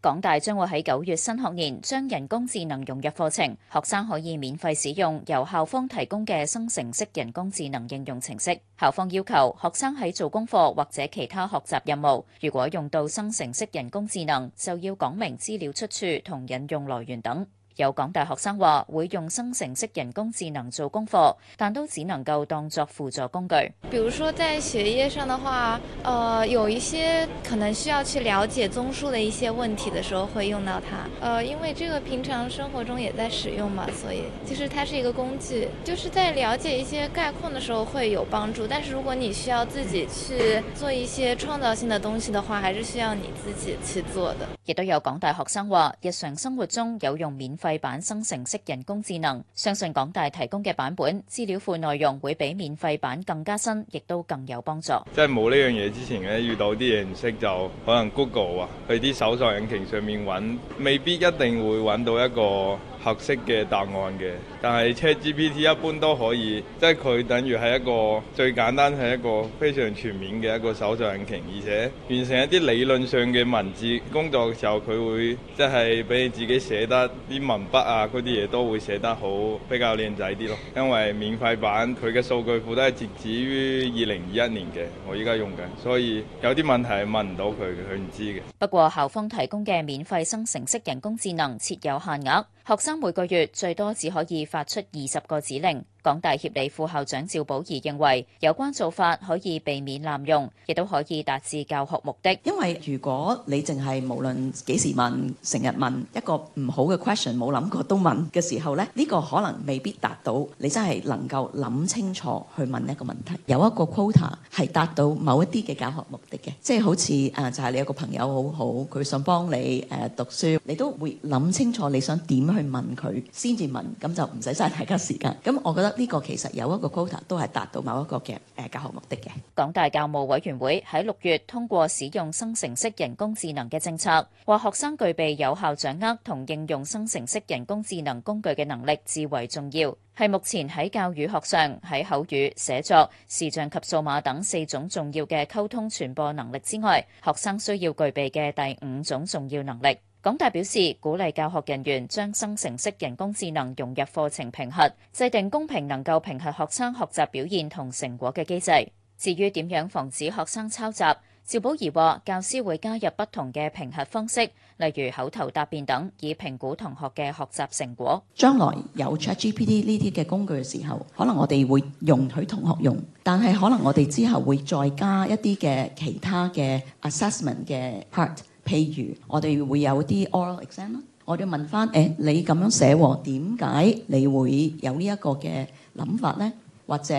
港大將會喺九月新學年將人工智能融入課程，學生可以免費使用由校方提供嘅生成式人工智能應用程式。校方要求學生喺做功課或者其他學習任務，如果用到生成式人工智能，就要講明資料出處同引用來源等。有港大學生話，會用生成式人工智能做功課，但都只能夠當作輔助工具。比如說在學業上的話，呃，有一些可能需要去了解綜述的一些問題的時候，會用到它。呃，因為這個平常生活中也在使用嘛，所以其實它是一個工具，就是在了解一些概況的時候會有幫助。但是如果你需要自己去做一些創造性的東西的話，還是需要你自己去做的。亦都有港大學生話，日常生活中有用免費版生成式人工智能，相信港大提供嘅版本資料庫內容會比免費版更加新，亦都更有幫助。即係冇呢樣嘢之前咧，遇到啲嘢唔識就可能 Google 啊，去啲搜索引擎上面揾，未必一定會揾到一個合適嘅答案嘅。但係 ChatGPT 一般都可以，即係佢等於係一個最簡單係一個非常全面嘅一個搜尋引擎。而且完成一啲理論上嘅文字工作嘅時候，佢會即係俾你自己寫得啲文筆啊嗰啲嘢都會寫得好比較靚仔啲咯。因為免費版佢嘅數據庫都係截止於二零二一年嘅，我依家用緊，所以有啲問題係問唔到佢，佢唔知嘅。不過校方提供嘅免費生成式人工智能設有限額，學生每個月最多只可以發出二十個指令。港大協理副校長趙寶儀認為，有關做法可以避免濫用，亦都可以達至教學目的。因為如果你淨係無論幾時問，成日問一個唔好嘅 question，冇諗過都問嘅時候咧，呢、呢個可能未必達到你真係能夠諗清楚去問一個問題。有一個 quota 係達到某一啲嘅教學目的嘅，即係好似誒就係你有個朋友好好，佢想幫你誒、呃、讀書，你都會諗清楚你想點去問佢先至問，咁就唔使嘥大家時間。咁我覺得。呢個其實有一個 quota，都係達到某一個嘅誒教學目的嘅。港大教務委員會喺六月通過使用生成式人工智能嘅政策，話學生具備有效掌握同應用生成式人工智能工具嘅能力至為重要，係目前喺教與學上喺口語、寫作、視像及數碼等四種重要嘅溝通傳播能力之外，學生需要具備嘅第五種重要能力。港大表示鼓勵教學人員將生成式人工智能融入課程評核，制定公平能夠評核學生學習表現同成果嘅機制。至於點樣防止學生抄襲，趙寶儀話：教師會加入不同嘅評核方式，例如口頭答辯等，以評估同學嘅學習成果。將來有 ChatGPT 呢啲嘅工具嘅時候，可能我哋會容許同學用，但係可能我哋之後會再加一啲嘅其他嘅 assessment 嘅 part。譬如我哋會有啲 oral exam 我哋問返、哎、你咁樣寫喎，點解你會有呢一個嘅諗法呢？」或者？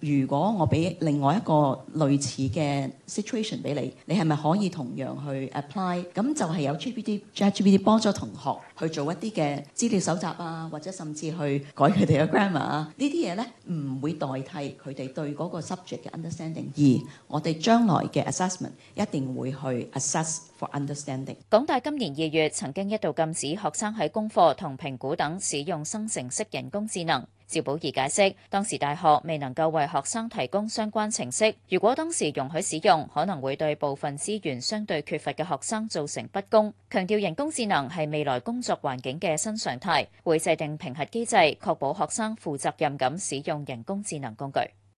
如果我俾另外一個類似嘅 situation 俾你，你係咪可以同樣去 apply？咁就係有 ChatGPT 幫咗同學去做一啲嘅資料搜集啊，或者甚至去改佢哋嘅 grammar 啊，呢啲嘢呢，唔會代替佢哋對嗰個 subject 嘅 understanding。而我哋將來嘅 assessment 一定會去 assess for understanding。港大今年二月曾經一度禁止學生喺功課同評估等使用生成式人工智能。趙寶儀解釋，當時大學未能夠為學生提供相關程式。如果當時容許使用，可能會對部分資源相對缺乏嘅學生造成不公。強調人工智能係未來工作環境嘅新常態，會制定評核機制，確保學生負責任咁使用人工智能工具。